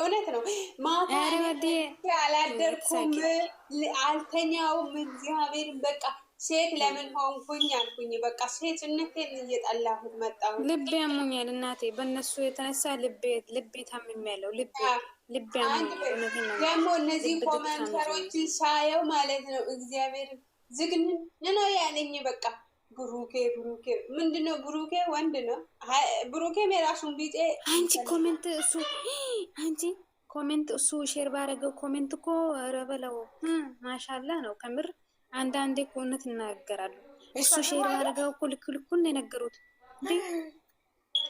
እውነት ነው። ማታ አላደርኩም፣ አልተኛውም። እግዚአብሔርን በቃ ሴት ለምን ሆንኩኝ አልኩኝ። በቃ ሴትነቴን እየጠላሁት መጣሁ። ልቤ ያሙኛል እናቴ፣ በእነሱ የተነሳ ልቤ ታምሜያለሁ። ልቤ ልቤ ያሙኛል ደግሞ እነዚህ ኮመንተሮችን ሳየው ማለት ነው እግዚአብሔር ዝግን ነው ያለኝ በቃ ብሩኬ ብሩኬ ምንድነው? ብሩኬ ወንድ ነው። ብሩኬ የራሱን ቢጤ አንቺ ኮሜንት እሱ አንቺ ኮሜንት እሱ ሼር ባረገው ኮሜንት እኮ ረበለው ማሻላ ነው። ከምር አንዳንዴ ኮነት እውነት እናገራሉ። እሱ ሼር ባረገው እኮ ልክ ልኩን የነገሩት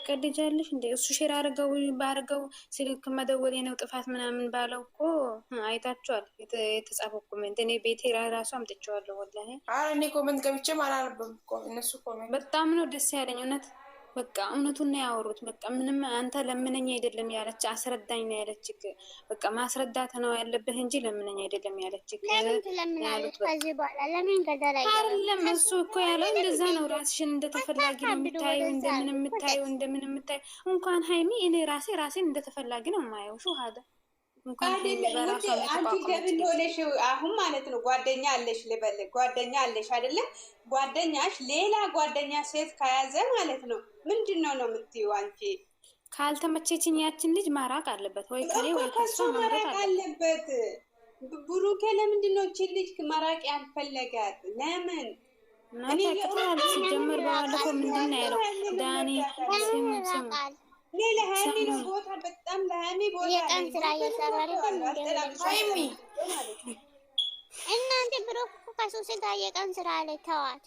ትቀድጃለሽ እንደ እሱ ሼር አርገው ባርገው ስልክ መደወል የነው ጥፋት ምናምን ባለው እኮ አይታችኋል። የተጻፈው ኮሜንት እኔ ቤቴ ራሱ አምጥቼዋለሁ። ወላ እኔ ኮሜንት ገብቼም አላነበብኩም እነሱ ኮሜንት በጣም ነው ደስ ያለኝ እውነት በቃ እውነቱን ነው ያወሩት። በቃ ምንም አንተ ለምነኝ አይደለም ያለች አስረዳኝ ነው ያለች። በቃ ማስረዳት ነው ያለብህ እንጂ ለምነኝ አይደለም ያለች። አይደለም እሱ እኮ ያለው እንደዛ ነው። ራስሽን እንደተፈላጊ ነው የምታየው፣ እንደምን የምታየው እንደምን የምታየው እንኳን ሀይሚ እኔ ራሴ ራሴን እንደተፈላጊ ነው የማየው ሹ ሀገር አንቺ ጀብድ ሆነሽ አሁን ማለት ነው ጓደኛ አለሽ ልበል፣ ጓደኛ አለሽ አይደለም? ጓደኛሽ ሌላ ጓደኛ ሴት ከያዘ ማለት ነው ምንድን ነው ነው የምትይው አንቺ? ካልተመቸችኝ ያችን ልጅ ማራቅ አለበት ወይ ከኔ ወይ ከሱ ማራቅ አለበት። ብሩኬ ለምንድን ነው ችን ልጅ ማራቅ ያልፈለጋት ለምን? እኔ ቅጥ ሲጀመር በባለፈው ምንድን ነው ያለው ዳኒ ስም ስም እናንተ ብሮክ ከሱሴ ጋር የቀን ስራ ላይ ተዋት።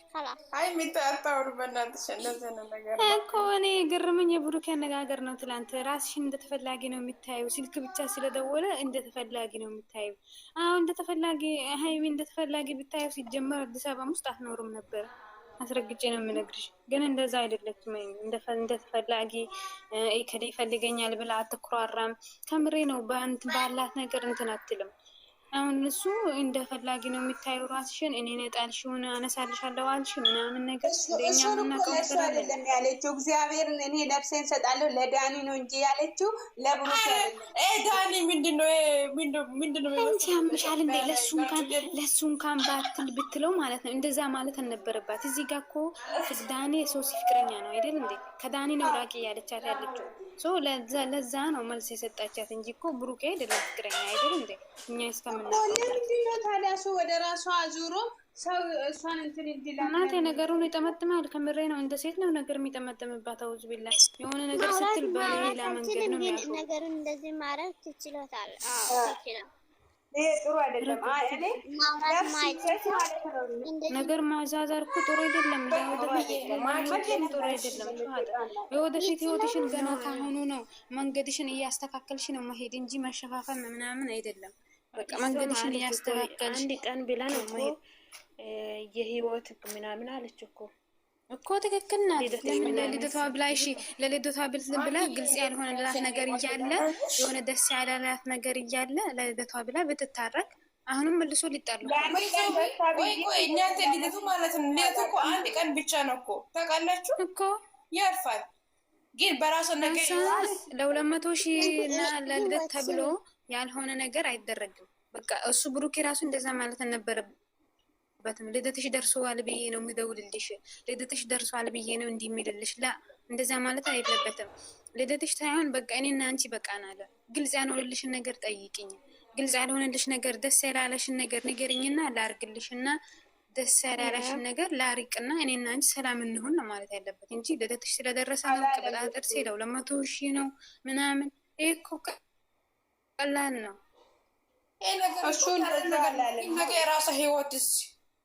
እኮ እኔ ግርምኝ የብሩክ አነጋገር ነው። ትላንት ራስሽን እንደተፈላጊ ነው የሚታየው። ስልክ ብቻ ስለደወለ እንደተፈላጊ ነው የሚታየው። አሁን እንደተፈላጊ ሀይሚ እንደተፈላጊ ብታየው ሲጀመር አዲስ አበባ ውስጥ አትኖርም ነበር። አስረግጬ ነው የምነግርሽ። ግን እንደዛ አይደለችም። እንደተፈላጊ ከዲ ይፈልገኛል ብላ አትኩራራም። ከምሬ ነው። ባላት ነገር እንትን አትልም። አሁን እሱ እንደ ፈላጊ ነው የሚታዩ ራስሽን እኔ ነጣል ሽሆን አነሳልሻለሁ አልሽ ምናምን ነገር አይደለም ያለችው። እግዚአብሔር እኔ ነፍሴን ሰጣለሁ ለዳኒ ነው እንጂ ያለችው ለብሩክ ዳኒ ምንድነው ምንድነው ያምሻል እንዴ? ለሱ እንኳን ለሱ እንኳን ባትል ብትለው ማለት ነው። እንደዛ ማለት አልነበረባት። እዚህ ጋ እኮ ዳኒ የሶስት ፍቅረኛ ነው አይደል እንዴ? ከዳኒ ነው ራቂ እያለቻት ያለችው ሶ ለዛ ነው መልስ የሰጣቻት እንጂ እኮ ብሩኬ አይደለም ፍቅረኛ አይደል እንዴ? እኛ እስከምናምንድነው ታዲያ ሰው ወደ ራሱ አዙሮ ሰው እሷን እንትን እንዲላ እናቴ ነገሩን ይጠመጥማል። ከምሬ ነው። እንደ ሴት ነው ነገር የሚጠመጥምባት። አውዝ ቢላ የሆነ ነገር ስትል በሌላ መንገድ ነው ነገሩን እንደዚህ ማረግ ትችሎታል። ትችላል ይሄ ጥሩ አይደለም። እኔ ነገር ማዛዛር እኮ አይደለም። ጥሩ አይደለም። የወደፊት ህይወትሽን ገና ካሁኑ ነው መንገድሽን እያስተካከልሽ ነው መሄድ እንጂ መሸፋፈን ምናምን አይደለም። በቃ መንገድሽን እያስተካከልሽ አንድ ቀን ብላ ነው መሄድ የህይወት ምናምን አለች እኮ እኮ ትክክል ናት። ለልደቷ ብላ እሺ፣ ለልደቷ ብል ብላ ግልጽ ያልሆነላት ነገር እያለ የሆነ ደስ ያላላት ነገር እያለ ለልደቷ ብላ ብትታረቅ አሁንም መልሶ ሊጣሉ እኛንተ ልደቱ ማለት ነው ልደቱ እኮ አንድ ቀን ብቻ ነው እኮ ታውቃላችሁ እኮ ያርፋል። ግን በራሱ ነገር ለሁለት መቶ ሺህ እና ለልደት ተብሎ ያልሆነ ነገር አይደረግም። በቃ እሱ ብሩኬ ራሱ እንደዛ ማለት ነበረብን። የለበትም። ልደትሽ ደርሰዋል ብዬ ነው የምደውልልሽ፣ ልደትሽ ደርሷል ብዬ ነው እንዲሚልልሽ ላ እንደዚያ ማለት አይለበትም። ልደትሽ ሳይሆን በቃ እኔና አንቺ በቃናለ። ግልጽ ያልሆንልሽን ነገር ጠይቅኝ፣ ግልጽ ያልሆንልሽ ነገር፣ ደስ ያላለሽን ነገር ንገርኝና ላርግልሽና ደስ ያላለሽን ነገር ላሪቅና እኔና አንቺ ሰላም እንሁን ነው ማለት ያለበት እንጂ ልደትሽ ስለደረሰ ነው ቅበጣጠር ለው ለመቶ ሺ ነው ምናምን። ይህ እኮ ቀላል ነው። ይሄ ነገር እሱ ነገር የራሱ ህይወት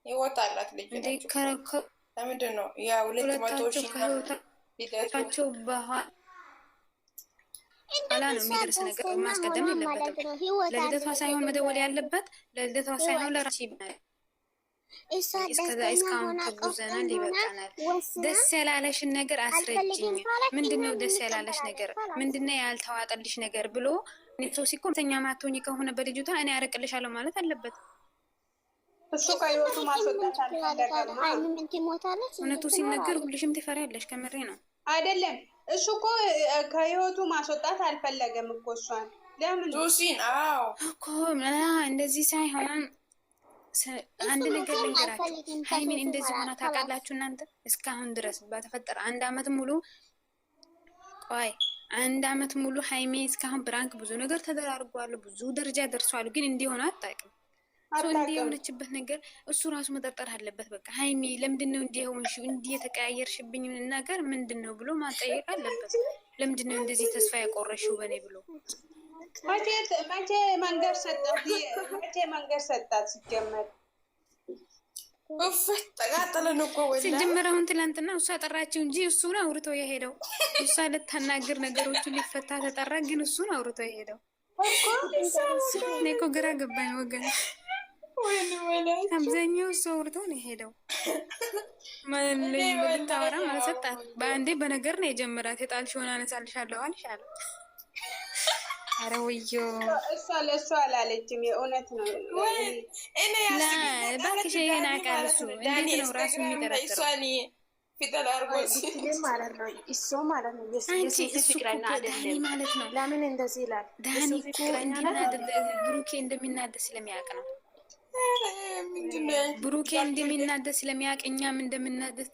ህይወት አላት ልጅ ለምንድን ነው ያ ሁለት መቶ ሺህቸው በኋላ ነው የሚደርስ ነገር ማስቀደም የለበትም። ለልደቷ ሳይሆን መደወል ያለበት ለልደቷ ሳይሆን ለራሴ ይባላል። እስካሁን ተጉዘናል፣ ይበቃናል። ደስ ያላለሽን ነገር አስረጅኝ። ምንድነው ደስ ያላለሽ ነገር? ምንድነው ያልተዋጠልሽ ነገር ብሎ ሶሲ እኮ ተኛ ማትሆኝ ከሆነ በልጅቷ እኔ ያረቅልሻለሁ ማለት አለበት። እሱ ከህይወቱ ማስወጣት እውነቱ ሲነገር ሁልሽም ትፈሪያለሽ። ከምሬ ነው አይደለም። እሱ እኮ ከህይወቱ ማስወጣት አልፈለገም እኮ እሷን ለምን እኮ እንደዚህ ሳይሆን አንድ ነገር ልንገራችሁ። ሀይሚን እንደዚህ ሆና ታውቃላችሁ እናንተ እስካሁን ድረስ በተፈጠረ አንድ አመት ሙሉ ቆይ አንድ አመት ሙሉ ሀይሜ እስካሁን ብራንክ ብዙ ነገር ተደራርጓሉ፣ ብዙ ደረጃ ደርሷሉ፣ ግን እንዲሆነ አታውቅም እንዲ የሆነችበት ነገር እሱ ራሱ መጠርጠር አለበት። በቃ ሀይሚ ለምንድን ነው እንዲህ ሆንሽ እንዲህ የተቀያየርሽብኝ ነገር ምንድን ነው ብሎ ማጠየቅ አለበት። ለምንድን ነው እንደዚህ ተስፋ ያቆረሽው በእኔ ብሎ መቼ መንገድ ሰጣት? መቼ መንገድ ሰጣት? ሲጀመር እኮ ሲጀመር አሁን ትላንትና እሷ ጠራችው እንጂ እሱን አውርቶ የሄደው እሷ ልታናግር ነገሮቹን ሊፈታ ተጠራ፣ ግን እሱን አውርቶ የሄደው እኔ እኮ ግራ ገባኝ ወገን አብዛኛው ሰው ወርዶ ነው የሄደው። ብታወራ ማለት በአንዴ በነገር ነው የጀመራት። የጣልሽ ሆነ አነሳልሻለሁ አልሻለሁ። ኧረ ወዮ እሷ ለእሷ አላለችም። የእውነት ነው እባክሽ። ይሄን አውቃል እሱ እንዴት ነው ራሱ የሚጠረጥረው ማለት ነው። ለምን እንደዚህ ይላል? ዳኒ እኮ ብሩኬ እንደሚናደድ ስለሚያውቅ ነው ብሩኬ እንደሚናደድ ስለሚያውቅ እኛም እንደምናደድ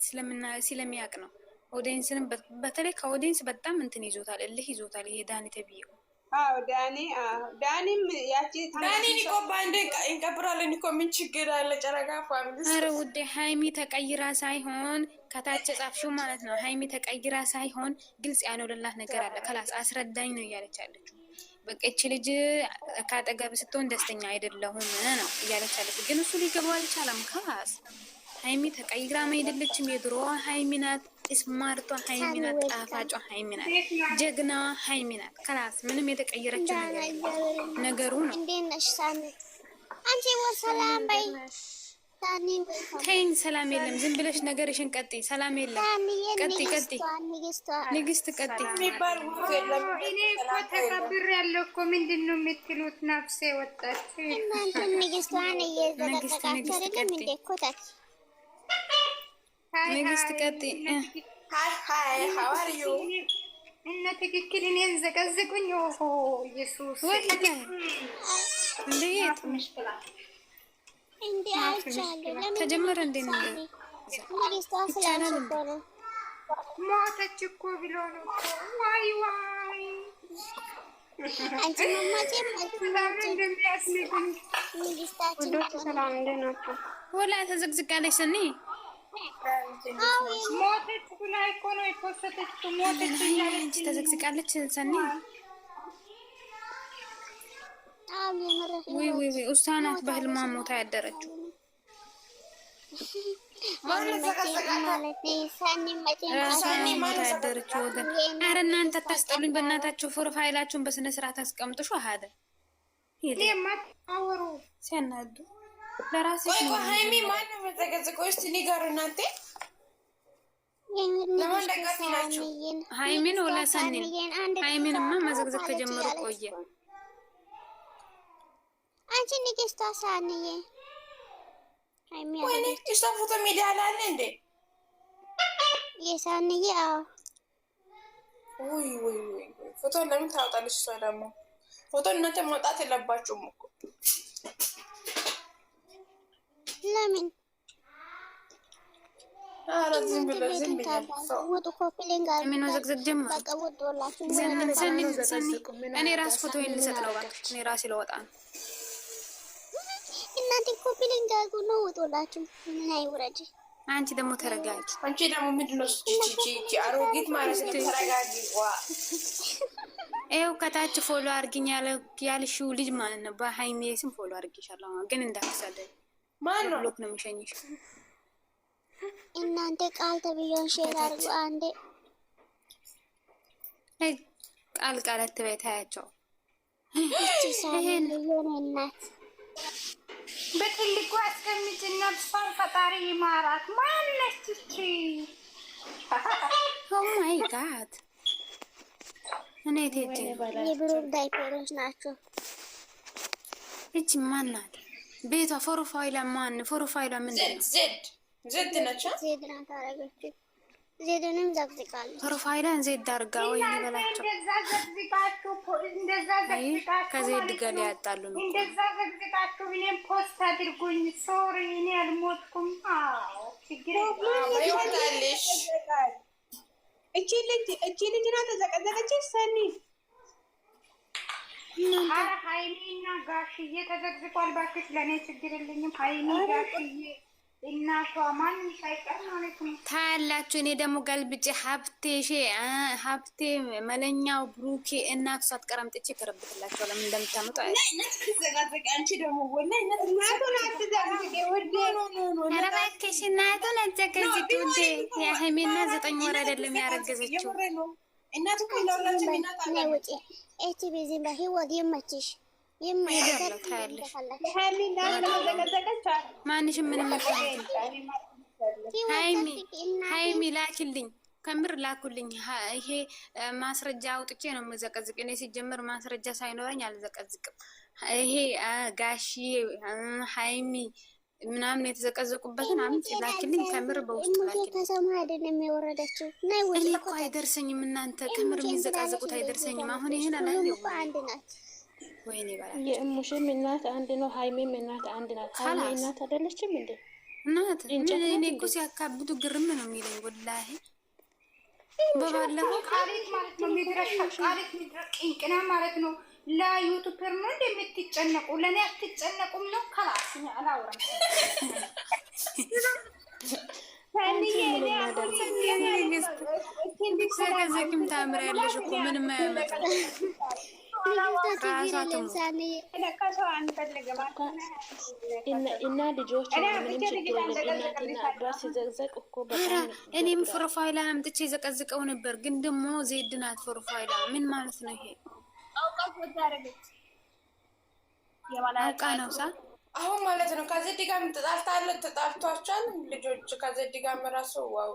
ስለሚያውቅ ነው። ኦዲንስንም በተለይ ከኦዲንስ በጣም እንትን ይዞታል፣ እልህ ይዞታል። ይሄ ዳኒ ተብዬው ዳኒም ዳኒን እኮ በአንዴ እንቀብራለን ምን ችግር አለ? ጨረቃ ፋሚሊስ። ኧረ ውዴ ሀይሚ ተቀይራ ሳይሆን ከታች ጻፍሹ ማለት ነው። ሀይሚ ተቀይራ ሳይሆን ግልጽ ያነውልላት ነገር አለ። ከላስ አስረዳኝ ነው እያለች ያለችው በቃ እቺ ልጅ ከአጠገብ ስትሆን ደስተኛ አይደለሁም ነው እያለች አለች። ግን እሱ ሊገባው አልቻለም። ካስ ሀይሚ ተቀይራም አይደለችም። የድሮዋ ሀይሚ ናት። ስማርቷ ሀይሚ ናት። ጣፋጯ ሀይሚ ናት። ጀግናዋ ሀይሚ ናት። ከላስ ምንም የተቀየረችው ነገሩ ነው። አንቺ ሰላም በይ ተይኝ፣ ሰላም የለም። ዝም ብለሽ ነገርሽን ቀጥይ። ሰላም የለም። ቀጥይ ቀጥይ፣ ንግስት ቀጥይ። እኔ እኮ ተቀብሬያለሁ እኮ ምንድን ነው የምትሉት? ነፍሴ ወጣች። ንግስት ቀጥይ እና ትክክል እኔን ዘቀዝቁኝ። ኢየሱስ ወይ ተጀመረ እንዴ ሞተች እኮ ብሎ ነው ዋይ ዋይ ሰላም ወላ ተዘግዝጋለች ስኒ ሞተች ብላ እኮ ነው የፖሰተች ሞተች ተዘግዝቃለች ሰኒ ወይ ወይ ናት በህልማ ሞታ ያደረችው። ያደረችው ያደረችው እናንተ ታስጠሉኝ በእናታቸው። ፕሮፋይላችሁን በስነ ስርዓት ሲያናዱ እናንተ ሀይሚን ወላሰኔን ሀይሚንማ መዘግዘግ ከጀመሩ ቆየ። አንቺ ንግስቷ ሳንዬ ወይ ንግስቷ ፎቶ ሜዳ ላለ እንዴ የሳንዬ አዎ ውይ ውይ ውይ ፎቶ ለምን ታወጣለች እሷ ደግሞ ፎቶ እናንተ መውጣት የለባችሁም እኮ ለምን እኔ ራስ ፎቶ ልሰጥ ነው እኔ ራሴ ለወጣ ነው አንዳንዴ ኮፒ ሊንግ አድርጎ ነው ወጦላችሁ። ምን አይውረድ። አንቺ ደግሞ ተረጋጊ። አንቺ ደግሞ ምንድን ነው ቺቺቺ አሮጊት ማለት ተረጋጊ። ዋ ይኸው ከታች ፎሎ አድርጊኝ ያልሽው ልጅ ማለት ነው። በሀይሜ ስም ፎሎ አድርጌሻለሁ ግን እንዳትሳደቢ። ማን ነው ብሎክ ነው የሚሸኝሽ። እናንተ ቃል ተብዬውን ሼር አርጉ አንዴ ቃል ቃል አትበይ። ታያቸው ይሄን እናት በትልቁ አስቀምጭ። ነፍሷን ፈጣሪ ይማራት። ማነች እቺ? ጋድ oh እኔ ቴቴ ዳይፐሮች ናቸው። እቺ ማን ናት? ቤቷ ነው? ዜድ ዜድ ናቸው። ዜድ ናት አረገችው ዜድንም ዘቅዝቃለች። ሩፋይዳን ዜድ ዳርጋ ወይ ይበላቸው። ከዜድ ጋር ያጣሉ። እንደዛ ዘቅዝቃችሁ እኔም ፖስት አድርጉኝ። ሶሪ እኔ አልሞትኩም። እቺ ልጅ ናት ተዘቀዘቀች። ሰኒ ሀይሚና ጋሽዬ ተዘግዝቋል። ባክሽ ለእኔ ችግር የለኝም ሀይሚ ጋሽዬ ታያላችሁ። እኔ ደግሞ ገልብጭ ሀብቴ ሼ ሀብቴ መለኛው ብሩኬ እናቱ ሳትቀረምጥቼ ከረብትላቸው ለምን እንደምታመጡ እባክሽ። እናቱን አዘጋጅት ውዴ። የሀይሜና ዘጠኝ ወር አይደለም ያረገዘችው እናቱ የመችሽ ማንሽም ምንም ሀይሚ ላኪልኝ፣ ከምር ላኩልኝ። ይሄ ማስረጃ አውጥቼ ነው የምዘቀዝቅ። እኔ ሲጀምር ማስረጃ ሳይኖረኝ አልዘቀዝቅም። ይሄ ጋሺ ሀይሚ ምናምን የተዘቀዘቁበትን አምጪ ላኪልኝ። ከምር በውስጥ ላኪልኝ። ከሰማ አይደለም የወረደችው። እኔ እኮ አይደርሰኝም እናንተ ከምር የሚዘቃዘቁት አይደርሰኝም። አሁን ይህን አላ ወይኔ የእሙሽም እናት አንድ ነው። ሀይሜም እናት አንድ ናት። ሀይሜ እናት አይደለችም እንዴ? እናት እኔ እኮ ሲያካብዱ ግርም ነው የሚለኝ ወላሂ። በባለፈው ቃሌት ማለት ነው የሚድረሻ ቃሌት የሚድረ ቅንቅና ማለት ነው። ለዩቱብ ነው እንደምትጨነቁ ለእኔ አትጨነቁም ነው። ከላስ አላወራም ምንም አያመጣም እና ልጆች ምንም ችግር የለም። እኔም ፕሮፋይል አምጥቼ ዘቀዝቀው ነበር፣ ግን ደግሞ ዜድ ናት ፕሮፋይል። ምን ማለት ነው ይሄ? አውቃ ነው ሳ አሁን ማለት ነው ከዜድ ጋር ተጣልታለ ተጣልቷቸዋል ልጆች ከዜድ ጋር ራሱ ዋው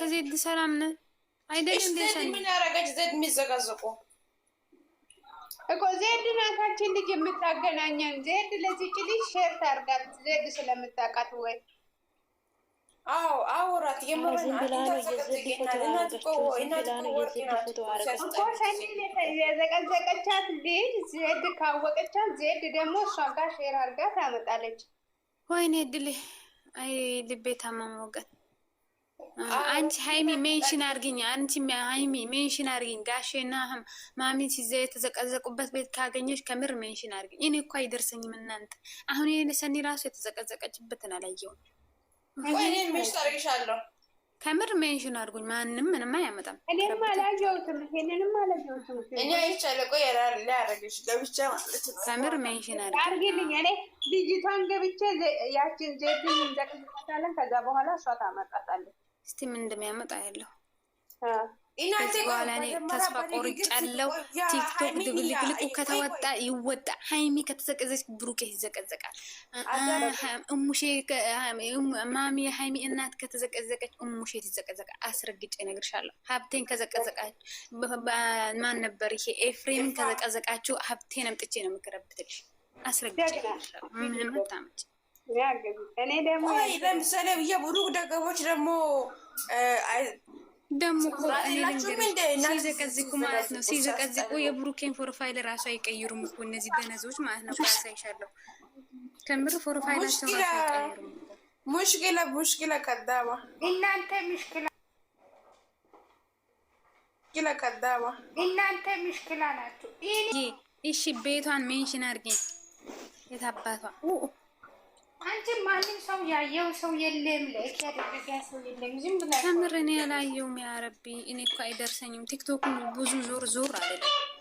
ከዜድ ሰላም ነን አይደል? ምን ያረገች ዜድ የሚዘቀዝቁ እኮ ዜድ ናታችን ልጅ የምታገናኘን ዜድ ለዚች ልጅ ሼር ታርጋት ዜድ ስለምታውቃት ወይ አዎ አውራት የምርን የዘቀዘቀቻት ልጅ ዜድ ካወቀቻት ዜድ ደግሞ እሷ ጋር ሼር አርጋ ታመጣለች። ወይኔ ድሌ፣ አይ ልቤ ታመመ ወገን አንቺ ሀይሚ ሜንሽን አርግኝ። አንቺ ሀይሚ ሜንሽን አርግኝ። ጋሼና ማሚን ሲዘ የተዘቀዘቁበት ቤት ካገኘች ከምር ሜንሽን አርግኝ። እኔ እኮ አይደርሰኝም እናንተ። አሁን ይሄን ሰኒ ራሱ የተዘቀዘቀችበትን አላየውም። ከምር ሜንሽን አርጉኝ። ማንም ምንም አያመጣም። እኔም አላየሁትም። ይሄንንም አላየሁትም። እኛ ይቻለቆ ያረገች ገብቼ ማለት ነው። ከምር ሜንሽን አርግልኝ። እኔ ልጅቷን ገብቼ ያችን ዜድን እንዘቅዝቃታለን። ከዛ በኋላ እሷ ታመጣታለች። እስቲ ምን እንደሚያመጣ ያለው በኋላ እኔ ተስፋ ቆርጫለው። ቲክቶክ ድብልቅልቁ ከተወጣ ይወጣ። ሀይሚ ከተዘቀዘች ብሩቄ ይዘቀዘቃል። እሙሼ ማሚ ሀይሚ እናት ከተዘቀዘቀች እሙሼ ትዘቀዘቃ። አስረግጬ ነግርሻለሁ። ሀብቴን ከዘቀዘቃችሁ ማን ነበር ይሄ ኤፍሬምን ከዘቀዘቃችሁ ሀብቴን አምጥቼ ነው የምከረብትልሽ። አስረግጬ ምንም አታመጭ እኔ ደግሞ ለምሳሌ ብዬ ደገቦች ደግሞ ደግሞ ሲዘቀዝቁ ማለት ነው። ሲዘቀዝቁ የብሩኬን ፕሮፋይል ራሱ አይቀይሩም እኮ እነዚህ ደነዞች ማለት ነው። ያሳይሻለሁ ከምር ፕሮፋይላቸው ሙሽኪላ ሙሽኪላ ቀዳማ እናንተ ሙሽኪላ ቀዳማ እናንተ ሙሽኪላ ናችሁ። እሺ ቤቷን ሜንሽን አድርጌ የታባቷ አንቺ ማንም ሰው ያየው ሰው የለም፣ ለክ ያደረገ ሰው የለም። ዝም ብላ ከምር እኔ ያላየውም። ያ ረቢ እኔ እኮ አይደርሰኝም። ቲክቶክ ብዙ ዞር ዞር አይደለም